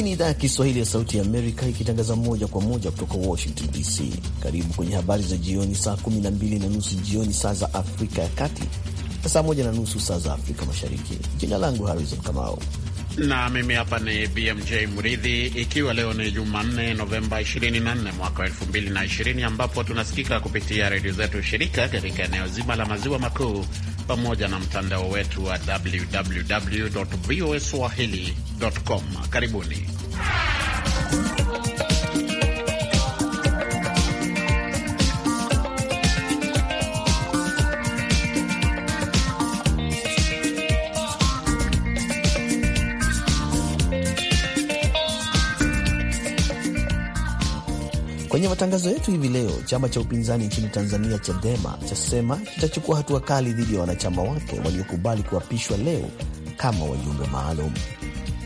Hii ni idhaa ya Kiswahili ya Sauti ya Amerika ikitangaza moja kwa moja kutoka Washington DC. Karibu kwenye habari za jioni, saa 12 na nusu jioni saa za Afrika ya Kati na saa moja na nusu saa za Afrika Mashariki. Jina langu Harrison Kamau na mimi hapa ni BMJ Mridhi, ikiwa leo ni Jumanne Novemba 24 mwaka 2020, ambapo tunasikika kupitia redio zetu shirika katika eneo zima la maziwa makuu pamoja na mtandao wetu wa www voa swahili.com. Karibuni. Kwenye matangazo yetu hivi leo, chama cha upinzani nchini Tanzania Chadema chasema kitachukua hatua kali dhidi ya wanachama wake waliokubali kuapishwa leo kama wajumbe maalum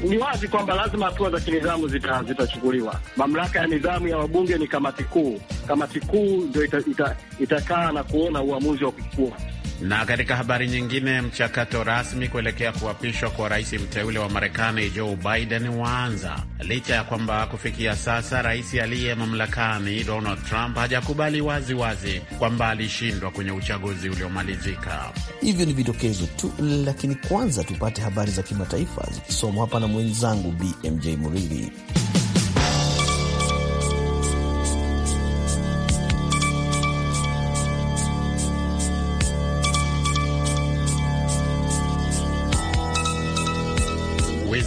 ni wazi kwamba lazima hatua za kinidhamu zitachukuliwa. Zita mamlaka ya nidhamu ya wabunge ni kamati kuu. Kamati kuu ndio itakaa ita, ita na kuona uamuzi wa kuchukua na katika habari nyingine, mchakato rasmi kuelekea kuapishwa kwa rais mteule wa Marekani Joe Biden waanza licha ya kwamba kufikia sasa rais aliye mamlakani Donald Trump hajakubali waziwazi kwamba alishindwa kwenye uchaguzi uliomalizika. Hivyo ni vidokezo tu, lakini kwanza tupate habari za kimataifa zikisomwa hapa na mwenzangu BMJ Muridhi.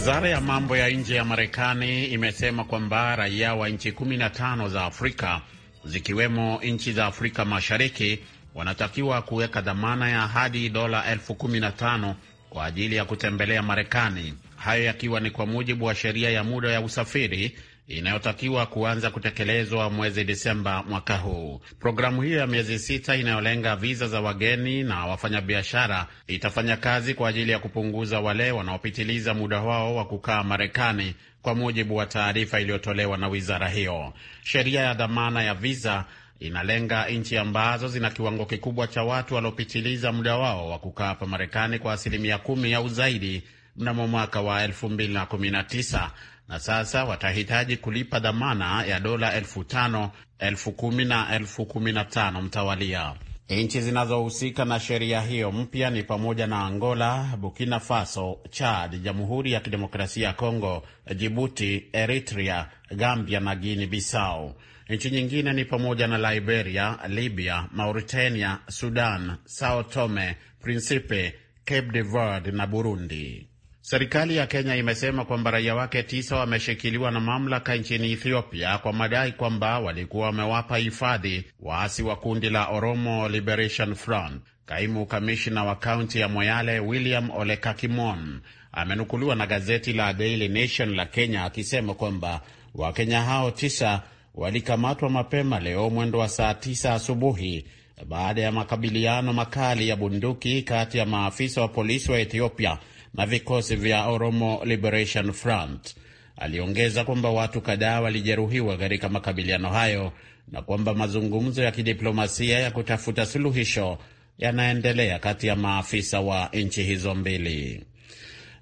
Wizara ya mambo ya nje ya Marekani imesema kwamba raia wa nchi 15 za Afrika zikiwemo nchi za Afrika Mashariki wanatakiwa kuweka dhamana ya hadi dola elfu kumi na tano kwa ajili ya kutembelea Marekani. Hayo yakiwa ni kwa mujibu wa sheria ya muda ya usafiri inayotakiwa kuanza kutekelezwa mwezi Disemba mwaka huu. Programu hiyo ya miezi sita inayolenga viza za wageni na wafanyabiashara itafanya kazi kwa ajili ya kupunguza wale wanaopitiliza muda wao wa kukaa Marekani, kwa mujibu wa taarifa iliyotolewa na wizara hiyo. Sheria ya dhamana ya viza inalenga nchi ambazo zina kiwango kikubwa cha watu waliopitiliza muda wao wa kukaa hapa Marekani kwa asilimia kumi au zaidi mnamo mwaka wa 2019 na sasa watahitaji kulipa dhamana ya dola elfu tano, elfu kumi na elfu kumi na tano mtawalia. Nchi zinazohusika na sheria hiyo mpya ni pamoja na Angola, Burkina Faso, Chad, Jamhuri ya Kidemokrasia ya Kongo, Jibuti, Eritrea, Gambia na Guinea Bissau. Nchi nyingine ni pamoja na Liberia, Libya, Mauritania, Sudan, Sao Tome Principe, Cape de Verde na Burundi. Serikali ya Kenya imesema kwamba raia wake tisa wameshikiliwa na mamlaka nchini Ethiopia kwa madai kwamba walikuwa wamewapa hifadhi waasi wa kundi la Oromo Liberation Front. Kaimu kamishna wa kaunti ya Moyale William Olekakimon amenukuliwa na gazeti la Daily Nation la Kenya akisema kwamba Wakenya hao tisa walikamatwa mapema leo mwendo wa saa tisa asubuhi baada ya makabiliano makali ya bunduki kati ya maafisa wa polisi wa Ethiopia na vikosi vya Oromo Liberation Front. Aliongeza kwamba watu kadhaa walijeruhiwa katika makabiliano hayo na kwamba mazungumzo ya kidiplomasia ya kutafuta suluhisho yanaendelea kati ya maafisa wa nchi hizo mbili.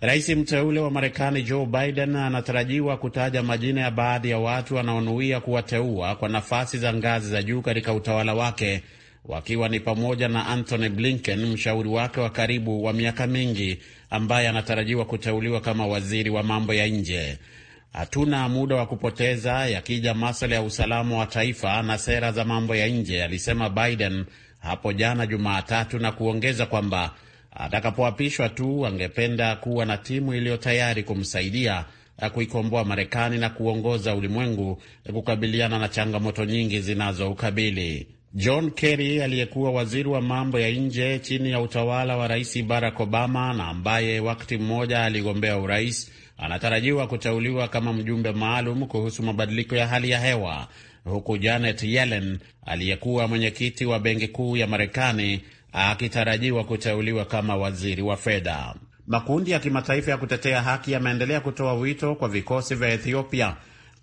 Rais mteule wa Marekani Joe Biden anatarajiwa kutaja majina ya baadhi ya watu wanaonuia kuwateua kwa nafasi za ngazi za juu katika utawala wake, wakiwa ni pamoja na antony Blinken, mshauri wake wa karibu wa miaka mingi ambaye anatarajiwa kuteuliwa kama waziri wa mambo ya nje. Hatuna muda wa kupoteza yakija maswala ya usalama wa taifa na sera za mambo ya nje, alisema Biden hapo jana Jumatatu, na kuongeza kwamba atakapoapishwa tu angependa kuwa na timu iliyo tayari kumsaidia kuikomboa Marekani na kuongoza ulimwengu kukabiliana na changamoto nyingi zinazoukabili. John Kerry aliyekuwa waziri wa mambo ya nje chini ya utawala wa Rais Barack Obama na ambaye wakati mmoja aligombea urais anatarajiwa kuteuliwa kama mjumbe maalum kuhusu mabadiliko ya hali ya hewa, huku Janet Yellen aliyekuwa mwenyekiti wa Benki Kuu ya Marekani akitarajiwa kuteuliwa kama waziri wa fedha. Makundi ya kimataifa ya kutetea haki yameendelea kutoa wito kwa vikosi vya Ethiopia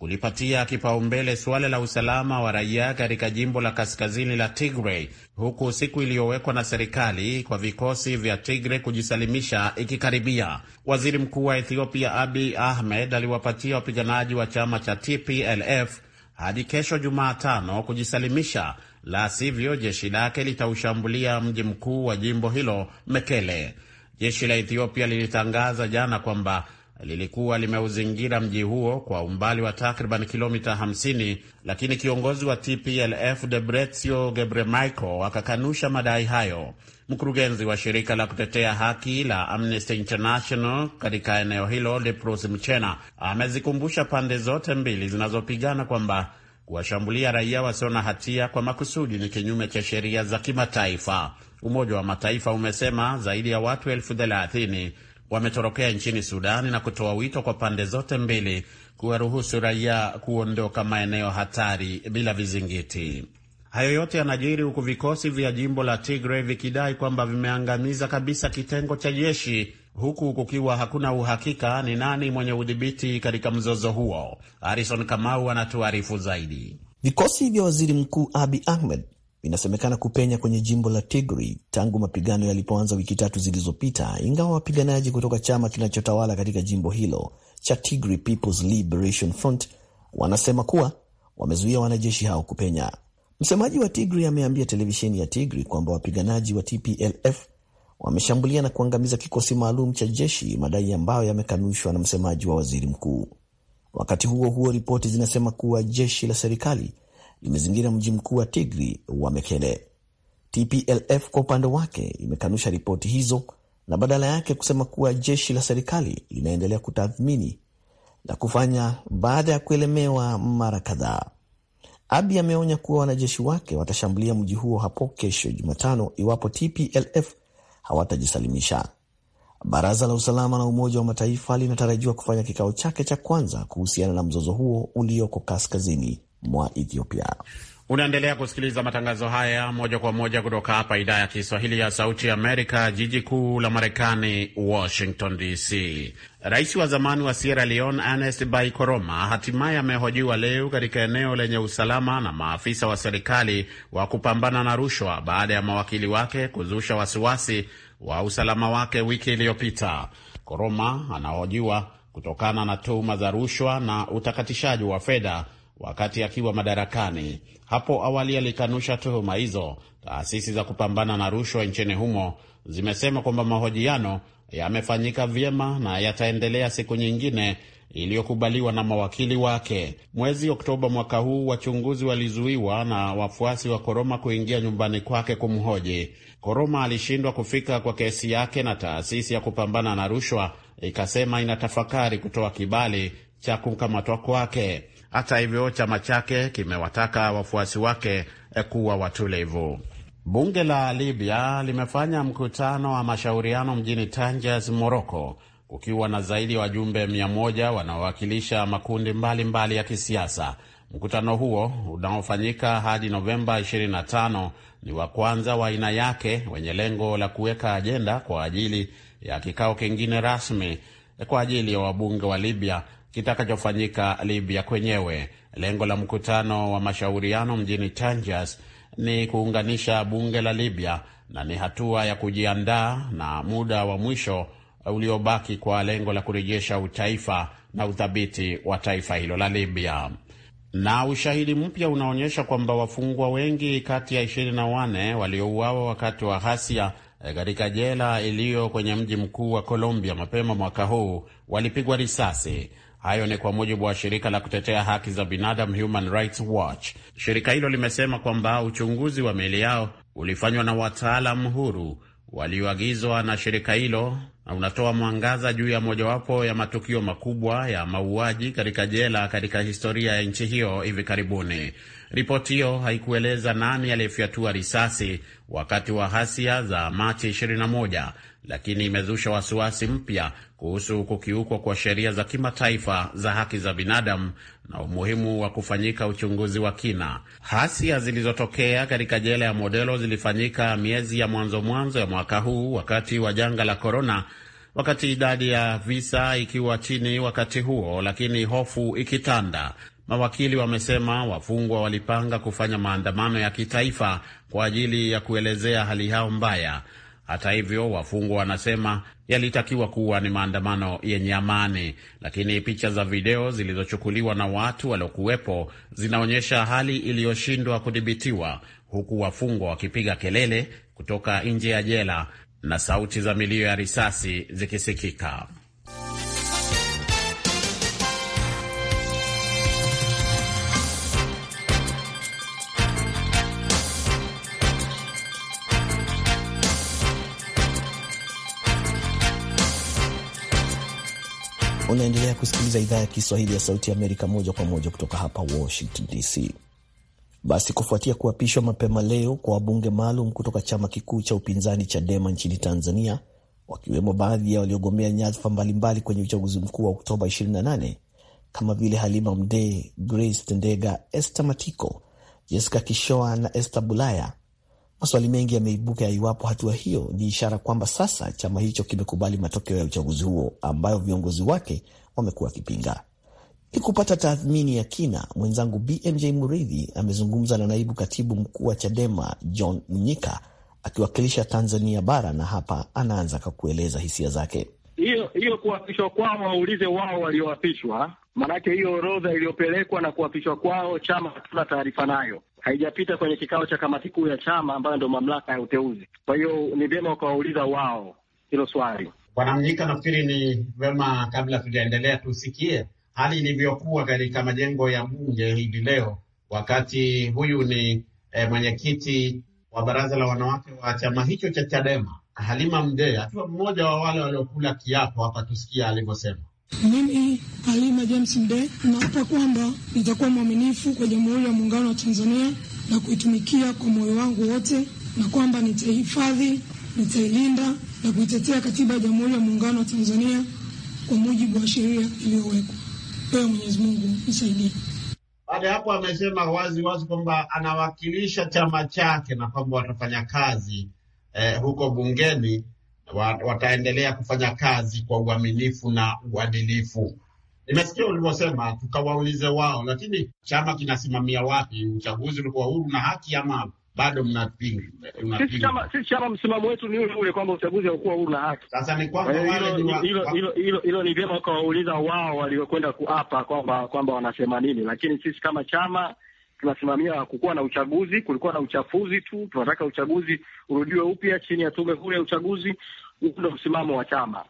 kulipatia kipaumbele suala la usalama wa raia katika jimbo la kaskazini la Tigray, huku siku iliyowekwa na serikali kwa vikosi vya Tigray kujisalimisha ikikaribia. Waziri Mkuu wa Ethiopia Abiy Ahmed aliwapatia wapiganaji wa chama cha TPLF hadi kesho Jumatano kujisalimisha, la sivyo jeshi lake litaushambulia mji mkuu wa jimbo hilo Mekele. Jeshi la Ethiopia lilitangaza jana kwamba lilikuwa limeuzingira mji huo kwa umbali wa takriban kilomita 50, lakini kiongozi wa TPLF Debretsion Gebremichael akakanusha madai hayo. Mkurugenzi wa shirika la kutetea haki la Amnesty International katika eneo hilo lipros Mchena amezikumbusha pande zote mbili zinazopigana kwamba kuwashambulia raia wasio na hatia kwa makusudi ni kinyume cha sheria za kimataifa. Umoja wa Mataifa umesema zaidi ya watu elfu thelathini wametorokea nchini Sudani na kutoa wito kwa pande zote mbili kuwaruhusu raia kuondoka maeneo hatari bila vizingiti. Hayo yote yanajiri huku vikosi vya jimbo la Tigray vikidai kwamba vimeangamiza kabisa kitengo cha jeshi huku kukiwa hakuna uhakika ni nani mwenye udhibiti katika mzozo huo. Harison Kamau anatuarifu zaidi. Vikosi vya waziri mkuu Abi Ahmed vinasemekana kupenya kwenye jimbo la tigri tangu mapigano yalipoanza wiki tatu zilizopita, ingawa wapiganaji kutoka chama kinachotawala katika jimbo hilo cha Tigri People's Liberation Front wanasema kuwa wamezuia wanajeshi hao kupenya. Msemaji wa tigri ameambia televisheni ya tigri kwamba wapiganaji wa TPLF wameshambulia na kuangamiza kikosi maalum cha jeshi, madai ambayo yamekanushwa na msemaji wa waziri mkuu. Wakati huo huo, ripoti zinasema kuwa jeshi la serikali limezingira mji mkuu wa Tigri wa Mekele. TPLF kwa upande wake imekanusha ripoti hizo na badala yake kusema kuwa jeshi la serikali linaendelea kutathmini na kufanya baada ya kuelemewa mara kadhaa. Abi ameonya kuwa wanajeshi wake watashambulia mji huo hapo kesho Jumatano iwapo TPLF hawatajisalimisha. Baraza la Usalama la Umoja wa Mataifa linatarajiwa kufanya kikao chake cha kwanza kuhusiana na mzozo huo ulioko kaskazini mwa Ethiopia. Unaendelea kusikiliza matangazo haya moja kwa moja kutoka hapa idhaa ya Kiswahili ya Sauti Amerika, jiji kuu la Marekani, Washington DC. Rais wa zamani wa Sierra Leone Ernest Bai Koroma hatimaye amehojiwa leo katika eneo lenye usalama na maafisa wa serikali wa kupambana na rushwa baada ya mawakili wake kuzusha wasiwasi wa usalama wake wiki iliyopita. Koroma anahojiwa kutokana na tuhuma za rushwa na utakatishaji wa fedha wakati akiwa madarakani. Hapo awali alikanusha tuhuma hizo. Taasisi za kupambana na rushwa nchini humo zimesema kwamba mahojiano yamefanyika vyema na yataendelea siku nyingine iliyokubaliwa na mawakili wake. Mwezi Oktoba mwaka huu, wachunguzi walizuiwa na wafuasi wa Koroma kuingia nyumbani kwake kumhoji. Koroma alishindwa kufika kwa kesi yake na taasisi ya kupambana na rushwa ikasema inatafakari kutoa kibali cha kukamatwa kwake. Hata hivyo, chama chake kimewataka wafuasi wake eh, kuwa watulivu. Bunge la Libya limefanya mkutano wa mashauriano mjini Tangiers, Moroko, kukiwa na zaidi ya wa wajumbe mia moja wanaowakilisha makundi mbalimbali mbali ya kisiasa. Mkutano huo unaofanyika hadi Novemba 25 ni wa kwanza wa aina yake wenye lengo la kuweka ajenda kwa ajili ya kikao kingine rasmi eh, kwa ajili ya wabunge wa Libya kitakachofanyika Libya kwenyewe. Lengo la mkutano wa mashauriano mjini Tangiers ni kuunganisha bunge la Libya na ni hatua ya kujiandaa na muda wa mwisho uliobaki kwa lengo la kurejesha utaifa na uthabiti wa taifa hilo la Libya. Na ushahidi mpya unaonyesha kwamba wafungwa wengi kati ya wane waliouawa wakati wa ghasia eh, katika jela iliyo kwenye mji mkuu wa Colombia mapema mwaka huu walipigwa risasi. Hayo ni kwa mujibu wa shirika la kutetea haki za binadamu Human Rights Watch. Shirika hilo limesema kwamba uchunguzi wa meli yao ulifanywa na wataalamu huru walioagizwa na shirika hilo unatoa mwangaza juu ya mojawapo ya matukio makubwa ya mauaji katika jela katika historia ya nchi hiyo hivi karibuni. Ripoti hiyo haikueleza nani aliyefyatua risasi wakati wa ghasia za Machi 21, lakini imezusha wasiwasi mpya kuhusu kukiukwa kwa sheria za kimataifa za haki za binadamu na umuhimu wa kufanyika uchunguzi wa kina. Ghasia zilizotokea katika jela ya Modelo zilifanyika miezi ya mwanzo mwanzo ya mwaka huu wakati wa janga la korona wakati idadi ya visa ikiwa chini wakati huo, lakini hofu ikitanda. Mawakili wamesema wafungwa walipanga kufanya maandamano ya kitaifa kwa ajili ya kuelezea hali yao mbaya. Hata hivyo, wafungwa wanasema yalitakiwa kuwa ni maandamano yenye amani, lakini picha za video zilizochukuliwa na watu waliokuwepo zinaonyesha hali iliyoshindwa kudhibitiwa, huku wafungwa wakipiga kelele kutoka nje ya jela na sauti za milio ya risasi zikisikika. Unaendelea kusikiliza idhaa ya Kiswahili ya Sauti ya Amerika moja kwa moja kutoka hapa Washington DC. Basi kufuatia kuapishwa mapema leo kwa wabunge maalum kutoka chama kikuu cha upinzani Chadema nchini Tanzania, wakiwemo baadhi ya waliogombea nyadhifa mbalimbali kwenye uchaguzi mkuu wa Oktoba 28 kama vile Halima Mdee, Grace Tendega, Esther Matiko, Jessica Kishoa na Esther Bulaya. Maswali mengi yameibuka ya iwapo hatua hiyo ni ishara kwamba sasa chama hicho kimekubali matokeo ya uchaguzi huo ambayo viongozi wake wamekuwa wakipinga. Ili kupata tathmini ya kina, mwenzangu BMJ Muridhi amezungumza na naibu katibu mkuu wa CHADEMA John Mnyika akiwakilisha Tanzania bara, na hapa anaanza kwa kueleza hisia zake. Hiyo hiyo kuapishwa kwao waulize wao walioapishwa, maanake hiyo orodha iliyopelekwa na kuapishwa kwao, chama hatuna taarifa nayo, haijapita kwenye kikao cha kamati kuu ya chama ambayo ndio mamlaka ya uteuzi. Kwa hiyo ni vyema wakawauliza wao hilo swali. Bwana Mnyika, nafikiri ni vema kabla tujaendelea tusikie hali ilivyokuwa katika majengo ya bunge hivi leo, wakati huyu ni eh, mwenyekiti wa baraza la wanawake wa chama hicho cha Chadema Halima Mdee akiwa mmoja wa wale waliokula kiapo hapa. Tusikia alivyosema. Mimi Halima James Mdee naapa kwamba nitakuwa mwaminifu kwa Jamhuri ya Muungano wa Tanzania na kuitumikia kwa moyo wangu wote, na kwamba nitaihifadhi, nitailinda na kuitetea katiba ya Jamhuri ya Muungano wa Tanzania kwa mujibu wa sheria iliyowekwa wewe Mwenyezi Mungu nisaidie. Baada ya hapo amesema wazi wazi kwamba anawakilisha chama chake na kwamba watafanya kazi eh, huko bungeni wataendelea kufanya kazi kwa uaminifu na uadilifu. Nimesikia ulivyosema tukawaulize wao, lakini chama kinasimamia wapi uchaguzi ulikuwa huru na haki ama bado mnapinga. Sisi chama msimamo wetu ni ule ule kwamba uchaguzi haukuwa huru na haki. Sasa ni kwamba hilo ni vyema ukawauliza wao waliokwenda kuapa kwamba kwamba wanasema nini, lakini sisi kama chama tunasimamia kukuwa na uchaguzi. Kulikuwa na uchafuzi tu, tunataka uchaguzi urudiwe upya chini ya tume huru ya uchaguzi. Ndio msimamo wa chama.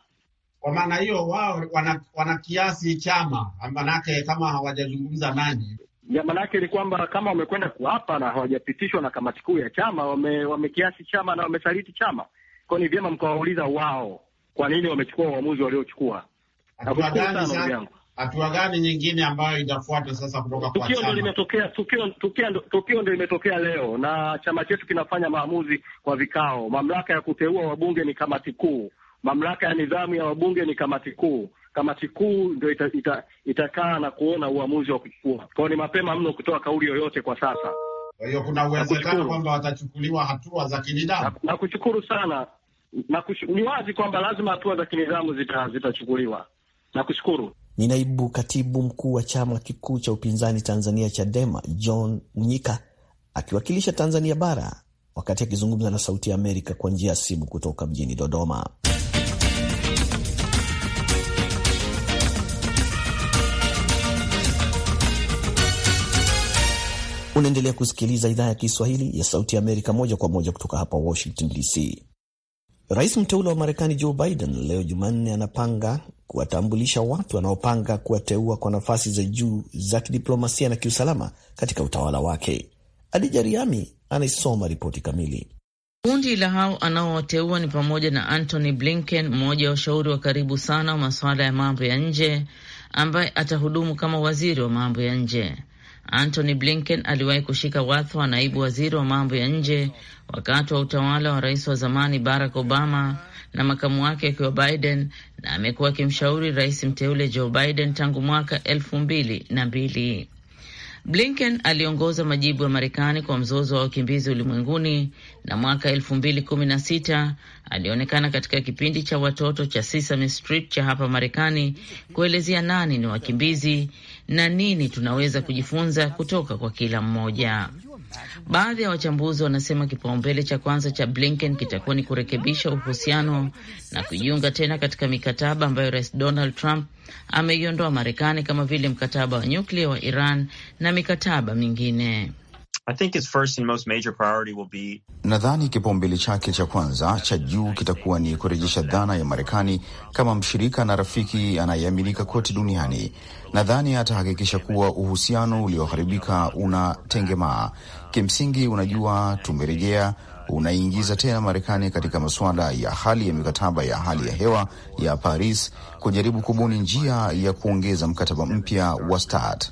Kwa maana hiyo wao wana, wana kiasi chama, manake kama hawajazungumza nani Jambo yake ni kwamba kama wamekwenda kuapa na hawajapitishwa na kamati kuu ya chama, wame, wamekiasi chama na wamesaliti chama. Kwa ni vyema mkawauliza wao kwa nini wamechukua uamuzi waliochukua. Hatua gani nyingine ambayo itafuata sasa kutoka kwa tukio ndo limetokea, tukio, tukio, tukio ndo limetokea leo, na chama chetu kinafanya maamuzi kwa vikao. Mamlaka ya kuteua wabunge ni kamati kuu, mamlaka ya nidhamu ya wabunge ni kamati kuu kamati kuu ndio itakaa ita, ita na kuona uamuzi wa kuchukua kwao. Ni mapema mno kutoa kauli yoyote kwa sasa. Kwa hiyo kuna uwezekano kwamba watachukuliwa hatua za kinidhamu. kushukuru sana na kush, ni wazi kwamba lazima hatua za kinidhamu zitachukuliwa zita kushukuru. Ni naibu katibu mkuu wa chama kikuu cha upinzani Tanzania Chadema John Mnyika akiwakilisha Tanzania bara wakati akizungumza na Sauti ya Amerika kwa njia ya simu kutoka mjini Dodoma. Unaendelea kusikiliza idhaa ya Kiswahili ya Sauti ya Amerika moja kwa moja kutoka hapa Washington DC. Rais mteule wa Marekani Joe Biden leo Jumanne anapanga kuwatambulisha watu wanaopanga kuwateua kwa nafasi za juu za kidiplomasia na kiusalama katika utawala wake. Adija Riami anaisoma ripoti kamili. Kundi la hao anaowateua ni pamoja na Antony Blinken, mmoja wa washauri wa karibu sana wa masuala ya mambo ya nje, ambaye atahudumu kama waziri wa mambo ya nje. Antony Blinken aliwahi kushika wadhifa wa naibu waziri wa mambo ya nje wakati wa utawala wa rais wa zamani Barack Obama na makamu wake akiwa Biden, na amekuwa akimshauri rais mteule Joe Biden tangu mwaka elfu mbili na mbili. Blinken aliongoza majibu ya Marekani kwa mzozo wa wakimbizi ulimwenguni na mwaka elfu mbili kumi na sita alionekana katika kipindi cha watoto cha Sesame Street cha hapa Marekani kuelezea nani ni wakimbizi na nini tunaweza kujifunza kutoka kwa kila mmoja. Baadhi ya wachambuzi wanasema kipaumbele cha kwanza cha Blinken kitakuwa ni kurekebisha uhusiano na kujiunga tena katika mikataba ambayo Rais Donald Trump ameiondoa Marekani kama vile mkataba wa nyuklia wa Iran na mikataba mingine. I think his first and most major priority will be... nadhani kipaumbele chake cha kwanza cha juu kitakuwa ni kurejesha dhana ya Marekani kama mshirika na rafiki anayeaminika kote duniani. Nadhani atahakikisha kuwa uhusiano ulioharibika unatengemaa. Kimsingi, unajua, tumerejea unaingiza tena Marekani katika masuala ya hali ya mikataba ya hali ya hewa ya Paris, kujaribu kubuni njia ya kuongeza mkataba mpya wa START.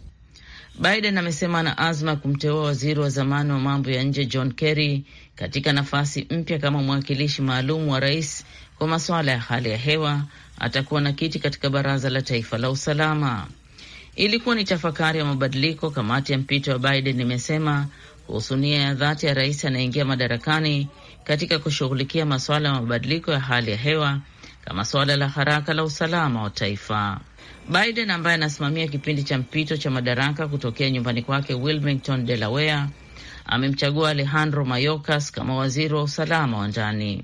Biden amesema ana azma ya kumteua waziri wa zamani wa mambo ya nje John Kerry katika nafasi mpya kama mwakilishi maalum wa rais kwa masuala ya hali ya hewa. Atakuwa na kiti katika baraza la taifa la usalama. Ilikuwa ni tafakari ya mabadiliko, kamati ya mpito ya Biden imesema kuhusu nia ya dhati ya rais anayeingia madarakani katika kushughulikia masuala ya mabadiliko ya hali ya hewa kama suala la haraka la usalama wa taifa. Biden ambaye anasimamia kipindi cha mpito cha madaraka kutokea nyumbani kwake Wilmington, Delaware, amemchagua Alejandro Mayorkas kama waziri wa usalama wa ndani.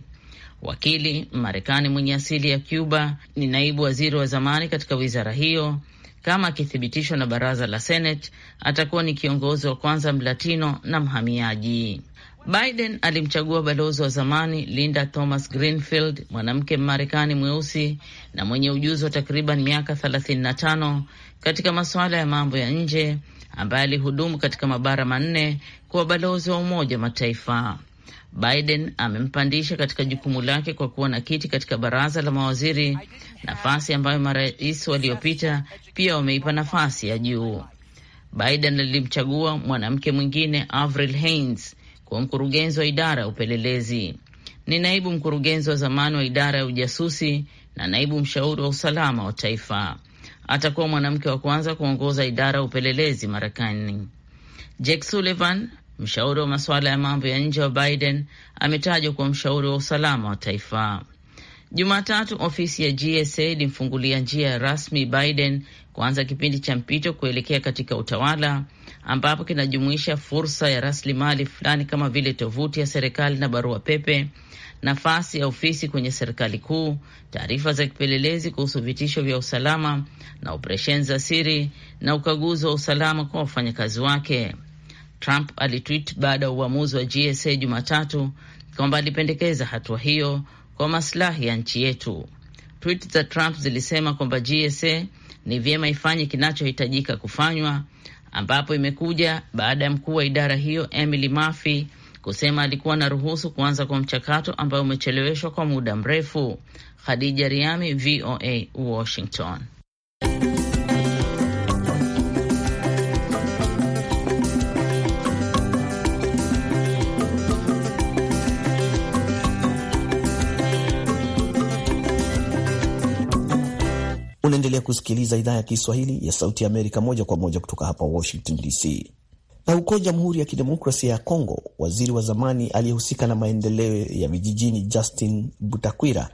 Wakili Marekani mwenye asili ya Cuba ni naibu waziri wa zamani katika wizara hiyo. Kama akithibitishwa na baraza la Senate, atakuwa ni kiongozi wa kwanza mlatino na mhamiaji. Biden alimchagua balozi wa zamani Linda Thomas Greenfield, mwanamke Mmarekani mweusi na mwenye ujuzi wa takriban miaka 35 katika masuala ya mambo ya nje, ambaye alihudumu katika mabara manne kuwa balozi wa Umoja wa Mataifa. Biden amempandisha katika jukumu lake kwa kuwa na kiti katika baraza la mawaziri, nafasi ambayo marais waliopita pia wameipa nafasi ya juu. Biden alimchagua mwanamke mwingine Avril Haines kuwa mkurugenzi wa idara ya upelelezi. Ni naibu mkurugenzi wa zamani wa idara ya ujasusi na naibu mshauri wa usalama wa taifa. Atakuwa mwanamke wa kwanza kuongoza idara ya upelelezi Marekani. Jake Sullivan, mshauri wa masuala ya mambo ya nje wa Biden, ametajwa kuwa mshauri wa usalama wa taifa. Jumatatu ofisi ya GSA ilimfungulia njia rasmi Biden kuanza kipindi cha mpito kuelekea katika utawala ambapo kinajumuisha fursa ya rasilimali fulani kama vile tovuti ya serikali na barua pepe, nafasi ya ofisi kwenye serikali kuu, taarifa za kipelelezi kuhusu vitisho vya usalama na operesheni za siri na ukaguzi wa usalama kwa wafanyakazi wake. Trump alitwit baada ya uamuzi wa GSA Jumatatu kwamba alipendekeza hatua hiyo kwa maslahi ya nchi yetu. Twit za Trump zilisema kwamba GSA ni vyema ifanye kinachohitajika kufanywa, ambapo imekuja baada ya mkuu wa idara hiyo Emily Murphy kusema alikuwa na ruhusu kuanza kwa mchakato ambayo umecheleweshwa kwa muda mrefu. Khadija Riami, VOA, Washington. Unaendelea kusikiliza idhaa ya Kiswahili ya Sauti ya Amerika moja kwa moja kutoka hapa Washington DC. Na huko Jamhuri ya Kidemokrasia ya Kongo, waziri wa zamani aliyehusika na maendeleo ya vijijini Justin Butakwira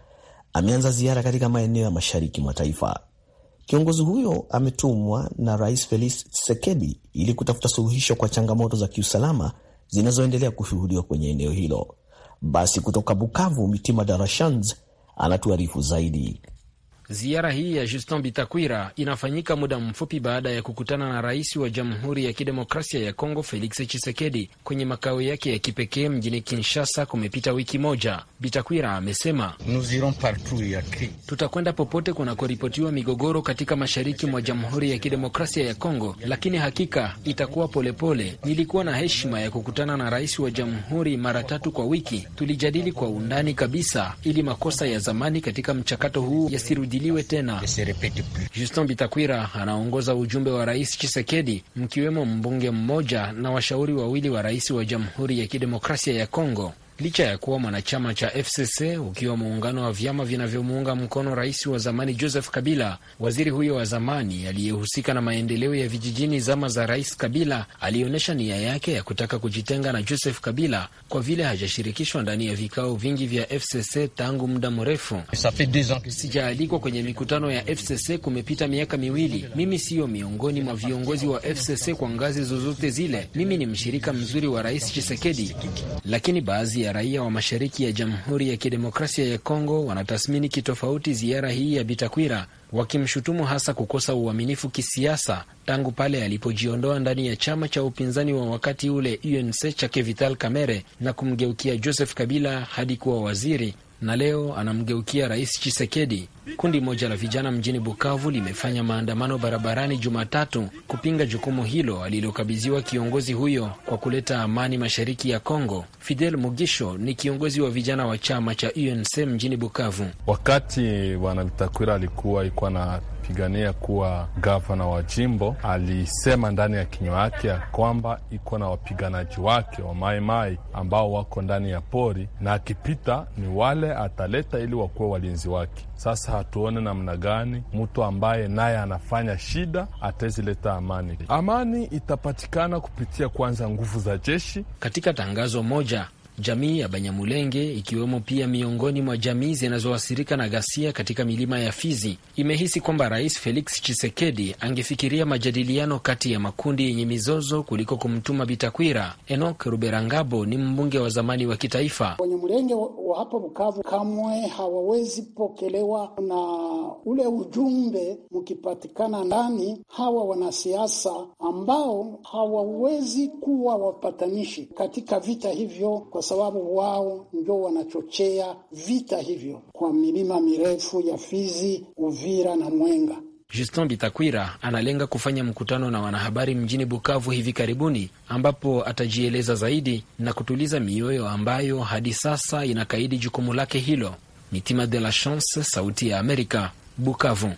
ameanza ziara katika maeneo ya mashariki mwa taifa. Kiongozi huyo ametumwa na Rais Felix Tshisekedi ili kutafuta suluhisho kwa changamoto za kiusalama zinazoendelea kushuhudiwa kwenye eneo hilo. Basi kutoka Bukavu, Mitima Darashans anatuarifu zaidi. Ziara hii ya Justin Bitakwira inafanyika muda mfupi baada ya kukutana na rais wa Jamhuri ya Kidemokrasia ya Kongo Felix Tshisekedi kwenye makao yake ya kipekee mjini Kinshasa. Kumepita wiki moja. Bitakwira amesema tutakwenda popote kunakoripotiwa migogoro katika mashariki mwa Jamhuri ya Kidemokrasia ya Kongo, lakini hakika itakuwa polepole pole. Nilikuwa na heshima ya kukutana na rais wa jamhuri mara tatu kwa wiki. Tulijadili kwa undani kabisa ili makosa ya zamani katika mchakato huu yasirudi isijadiliwe tena. Justin Bitakwira anaongoza ujumbe wa Rais Chisekedi, mkiwemo mbunge mmoja na washauri wawili wa rais wa Jamhuri ya Kidemokrasia ya Kongo licha ya kuwa mwanachama cha FCC ukiwa muungano wa vyama vinavyomuunga mkono rais wa zamani Joseph Kabila. Waziri huyo wa zamani aliyehusika na maendeleo ya vijijini zama za rais Kabila alionyesha nia yake ya kutaka kujitenga na Joseph Kabila kwa vile hajashirikishwa ndani ya vikao vingi vya FCC tangu muda mrefu. Sijaalikwa kwenye mikutano ya FCC, kumepita miaka miwili. Mimi siyo miongoni mwa viongozi wa FCC kwa ngazi zozote zile. Mimi ni mshirika mzuri wa rais Chisekedi, lakini baadhi ya raia wa mashariki ya Jamhuri ya Kidemokrasia ya Kongo wanatathmini kitofauti ziara hii ya Bitakwira, wakimshutumu hasa kukosa uaminifu kisiasa tangu pale alipojiondoa ndani ya chama cha upinzani wa wakati ule UNC chake Vital Kamerhe na kumgeukia Joseph Kabila hadi kuwa waziri na leo anamgeukia Rais Chisekedi. Kundi moja la vijana mjini Bukavu limefanya maandamano barabarani Jumatatu kupinga jukumu hilo alilokabidhiwa kiongozi huyo kwa kuleta amani mashariki ya Kongo. Fidel Mugisho ni kiongozi wa vijana wa chama cha UNC mjini Bukavu. Wakati Bwana Bitakwira alikuwa ikuwa na anayepigania kuwa gavana wa jimbo alisema ndani ya kinywa yake ya kwamba iko na wapiganaji wake wa maimai ambao wako ndani ya pori, na akipita ni wale ataleta ili wakuwe walinzi wake. Sasa hatuone namna gani mtu ambaye naye anafanya shida atawezileta amani. Amani itapatikana kupitia kwanza nguvu za jeshi. Katika tangazo moja jamii ya Banyamulenge ikiwemo pia miongoni mwa jamii zinazoathirika na ghasia katika milima ya Fizi imehisi kwamba Rais Felix Tshisekedi angefikiria majadiliano kati ya makundi yenye mizozo kuliko kumtuma Bitakwira. Enok Ruberangabo ni mbunge wa zamani wa kitaifa. Banyamulenge wa hapa Bukavu kamwe hawawezi pokelewa na ule ujumbe, mkipatikana ndani hawa wanasiasa ambao hawawezi kuwa wapatanishi katika vita hivyo kwa sababu wao ndio wanachochea vita hivyo kwa milima mirefu ya Fizi, Uvira na Mwenga. Justin Bitakwira analenga kufanya mkutano na wanahabari mjini Bukavu hivi karibuni ambapo atajieleza zaidi na kutuliza mioyo ambayo hadi sasa inakaidi jukumu lake hilo. Mitima de la Chance, Sauti ya Amerika, Bukavu.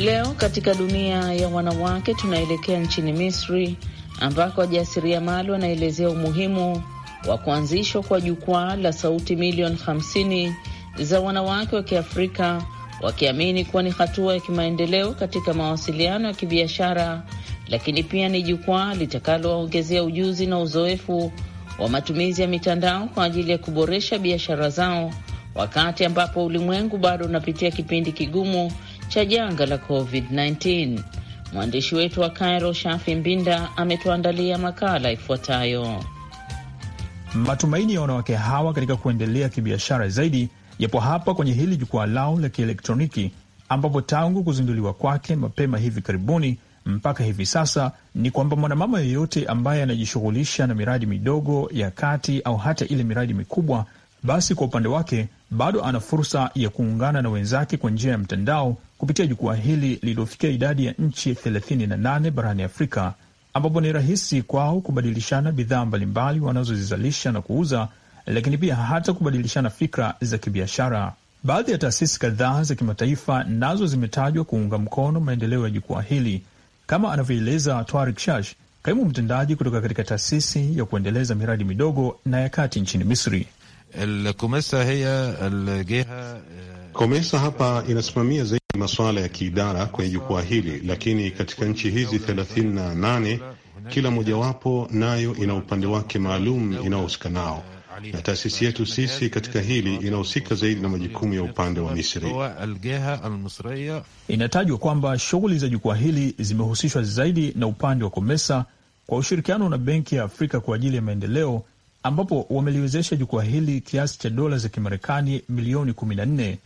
Leo katika dunia ya wanawake, tunaelekea nchini Misri ambako wajasiriamali wanaelezea umuhimu wa kuanzishwa kwa jukwaa la sauti milioni 50 za wanawake wa Kiafrika, wakiamini kuwa ni hatua ya kimaendeleo katika mawasiliano ya kibiashara, lakini pia ni jukwaa litakalowaongezea ujuzi na uzoefu wa matumizi ya mitandao kwa ajili ya kuboresha biashara zao, wakati ambapo ulimwengu bado unapitia kipindi kigumu cha janga la COVID-19. Mwandishi wetu wa Cairo, Shafi Mbinda, ametuandalia makala ifuatayo. Matumaini ya wanawake hawa katika kuendelea kibiashara zaidi yapo hapa kwenye hili jukwaa lao la kielektroniki ambapo tangu kuzinduliwa kwake mapema hivi karibuni mpaka hivi sasa ni kwamba mwanamama yeyote ambaye anajishughulisha na miradi midogo ya kati au hata ile miradi mikubwa, basi kwa upande wake bado ana fursa ya kuungana na wenzake kwa njia ya mtandao kupitia jukwaa hili lililofikia idadi ya nchi 38 barani Afrika, ambapo ni rahisi kwao kubadilishana bidhaa mbalimbali wanazozizalisha na kuuza, lakini pia hata kubadilishana fikra za kibiashara. Baadhi ya taasisi kadhaa za kimataifa nazo zimetajwa kuunga mkono maendeleo ya jukwaa hili, kama anavyoeleza Twarik Shash, kaimu mtendaji kutoka katika taasisi ya kuendeleza miradi midogo na ya kati nchini Misri. Komesa eh, hapa inasimamia masuala ya kiidara kwenye jukwaa hili, lakini katika nchi hizi thelathini na nane kila mojawapo nayo ina upande wake maalum inaohusika nao, na taasisi yetu sisi katika hili inahusika zaidi na majukumu ya upande wa Misri. Inatajwa kwamba shughuli za jukwaa hili zimehusishwa zaidi na upande wa Komesa kwa ushirikiano na Benki ya Afrika kwa ajili ya Maendeleo, ambapo wameliwezesha jukwaa hili kiasi cha dola za Kimarekani milioni nne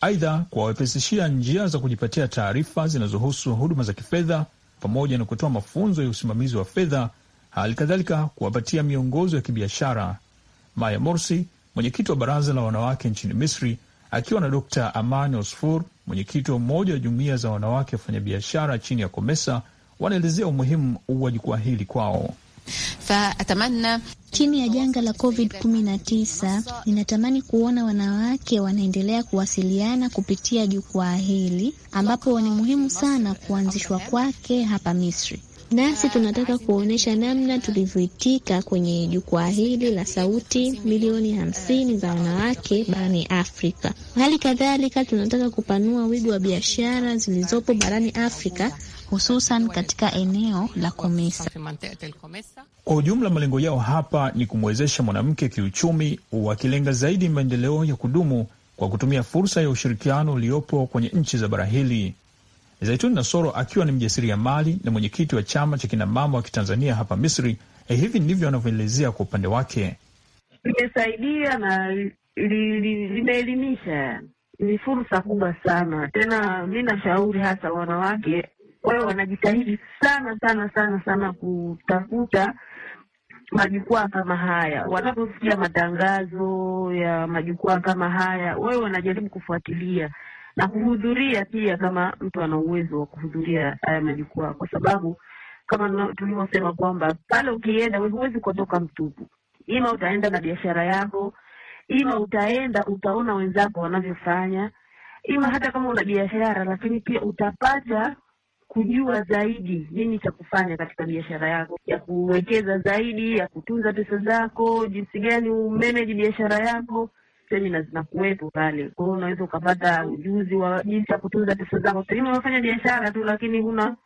Aidha, kuwawepesishia njia za kujipatia taarifa zinazohusu huduma za kifedha pamoja na kutoa mafunzo ya usimamizi wa fedha, hali kadhalika kuwapatia miongozo ya kibiashara. Maya Morsi, mwenyekiti wa baraza la wanawake nchini Misri, akiwa na Dr Amani Osfur, mwenyekiti wa mmoja wa jumuiya za wanawake wafanyabiashara chini ya Komesa, wanaelezea umuhimu wa jukwaa hili kwao. Chini ya janga la COVID-19, ninatamani kuona wanawake wanaendelea kuwasiliana kupitia jukwaa hili ambapo ni muhimu sana kuanzishwa kwake hapa Misri. Nasi tunataka kuonyesha namna tulivyoitika kwenye jukwaa hili la sauti milioni hamsini za wanawake barani Afrika. Hali kadhalika tunataka kupanua wigo wa biashara zilizopo barani Afrika hususan katika eneo la Komesa. Kwa ujumla, malengo yao hapa ni kumwezesha mwanamke kiuchumi, wakilenga zaidi maendeleo ya kudumu kwa kutumia fursa ya ushirikiano uliopo kwenye nchi za bara hili. Zaituni Nasoro akiwa ni mjasiriamali na mwenyekiti wa chama cha kinamama wa kitanzania hapa Misri. Eh, hivi ndivyo anavyoelezea kwa upande wake. Imesaidia na limeelimisha, li, li, ni fursa kubwa sana tena. Mi nashauri hasa wanawake kwa wanajitahidi sana sana sana sana kutafuta majukwaa kama haya. Wanaposikia matangazo ya majukwaa kama haya, wewe wanajaribu kufuatilia na kuhudhuria pia, kama mtu ana uwezo wa kuhudhuria haya majukwaa, kwa sababu kama tulivyosema kwamba pale ukienda huwezi kutoka mtupu, ima utaenda na biashara yako, ima utaenda utaona wenzako wanavyofanya, ima hata kama una biashara, lakini pia utapata kujua zaidi nini cha kufanya katika biashara yako, ya kuwekeza zaidi, ya kutunza pesa zako, jinsi gani umeneji biashara yako semina zinakuwepo pale. Kwa hiyo unaweza ukapata ujuzi wa jinsi ya kutunza pesa zako. Pengine unafanya biashara tu, lakini huna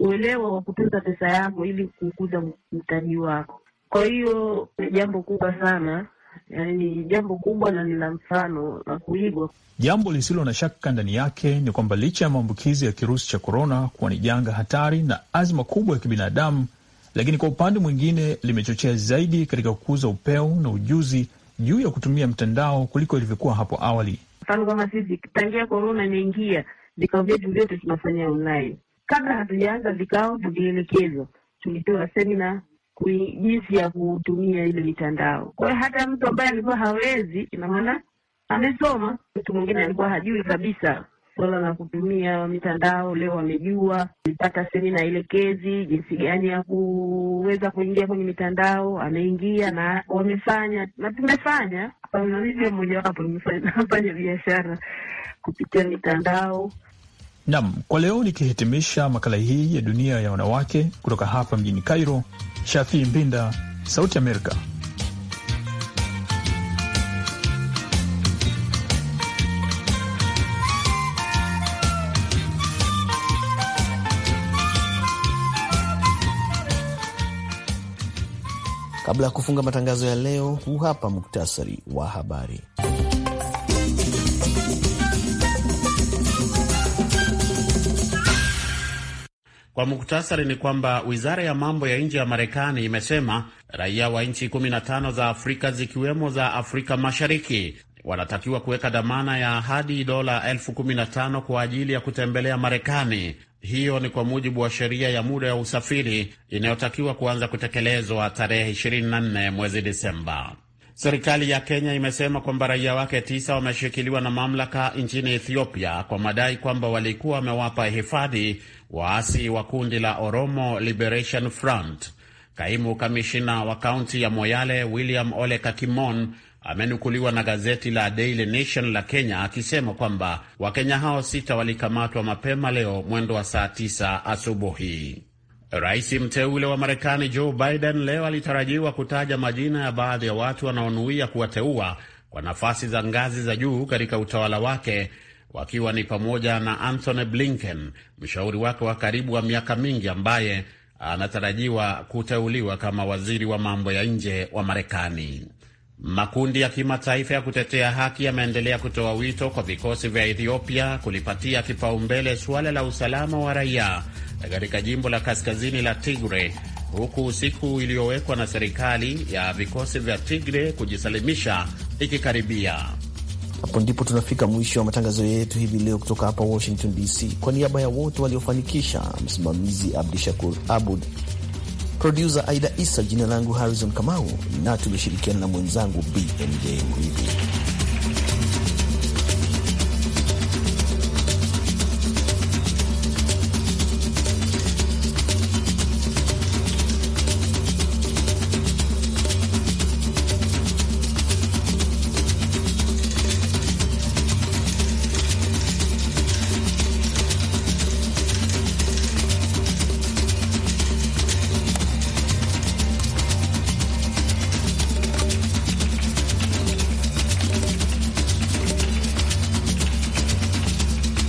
uelewa wa kutunza pesa yako ili kukuza mtaji wako. Kwa hiyo ni jambo kubwa sana ni yaani, jambo kubwa na ni la mfano la kuigwa. Jambo lisilo na shaka ndani yake ni kwamba licha ya maambukizi ya kirusi cha korona kuwa ni janga hatari na azma kubwa ya kibinadamu, lakini kwa upande mwingine limechochea zaidi katika kukuza upeo na ujuzi juu ya kutumia mtandao kuliko ilivyokuwa hapo awali. Mfano kama sisi tangia korona imeingia, vikao vyetu vyote tunafanya online. Kabla hatujaanza vikao, tulielekezwa, tulipewa semina jinsi ya kutumia ile mitandao. Kwa hiyo hata mtu ambaye alikuwa hawezi, ina maana amesoma. Mtu mwingine alikuwa hajui kabisa suala la kutumia mitandao, leo wamejua. Alipata semina elekezi jinsi gani ya kuweza kuingia kwenye mitandao, ameingia na wamefanya na tumefanya hivyo. mmojawapo nimefanya biashara kupitia mitandao. Naam, kwa leo nikihitimisha makala hii ya dunia ya wanawake kutoka hapa mjini Cairo shafi Mbinda, Sauti Amerika. Kabla ya kufunga matangazo ya leo, huu hapa muktasari wa habari. Kwa muktasari ni kwamba wizara ya mambo ya nje ya Marekani imesema raia wa nchi 15 za Afrika zikiwemo za Afrika Mashariki wanatakiwa kuweka dhamana ya hadi dola elfu kumi na tano kwa ajili ya kutembelea Marekani. Hiyo ni kwa mujibu wa sheria ya muda ya usafiri inayotakiwa kuanza kutekelezwa tarehe 24 mwezi Disemba. Serikali ya Kenya imesema kwamba raia wake tisa wameshikiliwa na mamlaka nchini Ethiopia kwa madai kwamba walikuwa wamewapa hifadhi waasi wa kundi la Oromo Liberation Front. Kaimu kamishina wa kaunti ya Moyale William Ole Kakimon amenukuliwa na gazeti la Daily Nation la Kenya akisema kwamba Wakenya hao sita walikamatwa mapema leo mwendo wa saa tisa asubuhi. Rais mteule wa Marekani Joe Biden leo alitarajiwa kutaja majina ya baadhi ya watu wanaonuia kuwateua kwa nafasi za ngazi za juu katika utawala wake wakiwa ni pamoja na Anthony Blinken, mshauri wake wa karibu wa miaka mingi, ambaye anatarajiwa kuteuliwa kama waziri wa mambo ya nje wa Marekani. Makundi ya kimataifa ya kutetea haki yameendelea kutoa wito kwa vikosi vya Ethiopia kulipatia kipaumbele suala la usalama wa raia katika jimbo la kaskazini la Tigre, huku siku iliyowekwa na serikali ya vikosi vya Tigre kujisalimisha ikikaribia. Hapo ndipo tunafika mwisho wa matangazo yetu hivi leo kutoka hapa Washington DC. Kwa niaba ya wote waliofanikisha, msimamizi Abdu Shakur Abud, produsa Aida Isa, jina langu Harrison Kamau na tulishirikiana na mwenzangu BMJ Mridhi.